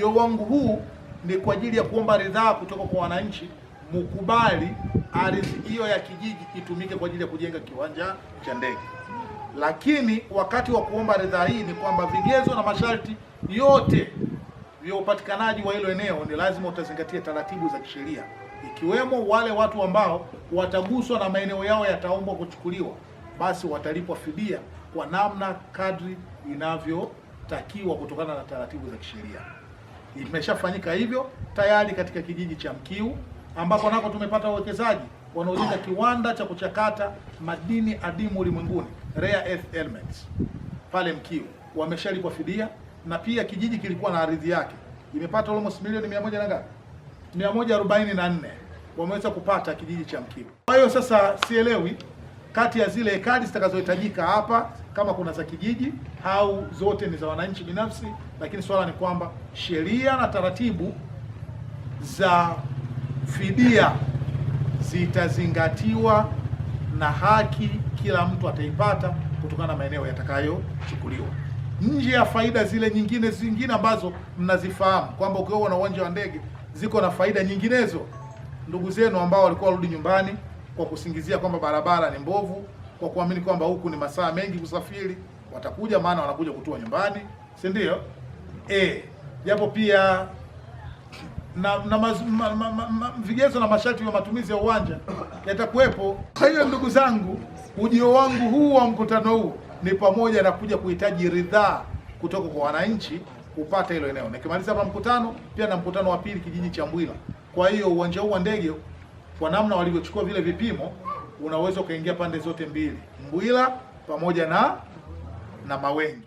Moyo wangu huu ni kwa ajili ya kuomba ridhaa kutoka kwa wananchi, mukubali ardhi hiyo ya kijiji itumike kwa ajili ya kujenga kiwanja cha ndege. Lakini wakati wa kuomba ridhaa hii ni kwamba vigezo na masharti yote vya upatikanaji wa hilo eneo ni lazima utazingatia taratibu za kisheria, ikiwemo wale watu ambao wataguswa na maeneo yao yataombwa kuchukuliwa, basi watalipwa fidia kwa namna kadri inavyotakiwa kutokana na taratibu za kisheria imeshafanyika hivyo tayari katika kijiji cha Mkiu ambapo nako tumepata uwekezaji wanaojenga kiwanda cha kuchakata madini adimu ulimwenguni rare earth elements pale Mkiu, wameshalipwa fidia na pia kijiji kilikuwa na ardhi yake imepata almost milioni mia moja na ngapi, mia moja arobaini na nne wameweza kupata kijiji cha Mkiu. Kwa hiyo sasa sielewi kati ya zile hekari zitakazohitajika hapa kama kuna za kijiji au zote ni za wananchi binafsi, lakini swala ni kwamba sheria na taratibu za fidia zitazingatiwa na haki kila mtu ataipata kutokana na maeneo yatakayochukuliwa, nje ya faida zile nyingine zingine ambazo mnazifahamu kwamba ukiwa na uwanja wa ndege ziko na faida nyinginezo. Ndugu zenu ambao walikuwa warudi nyumbani kwa kusingizia kwamba barabara ni mbovu kwa kuamini kwamba huku ni masaa mengi kusafiri, watakuja maana wanakuja kutua nyumbani, si ndio? Eh, japo pia na, na ma, ma, ma, ma, ma, vigezo na masharti ya matumizi ya uwanja yatakuwepo. Kwa hiyo ndugu zangu, ujio wangu huu wa mkutano huu ni pamoja na kuja kuhitaji ridhaa kutoka kwa wananchi kupata hilo eneo. Nikimaliza hapa mkutano pia na mkutano wa pili kijiji cha Mbwila. Kwa hiyo uwanja huu wa ndege kwa namna walivyochukua vile vipimo unaweza ukaingia pande zote mbili, Mbwila pamoja na na Mawengi.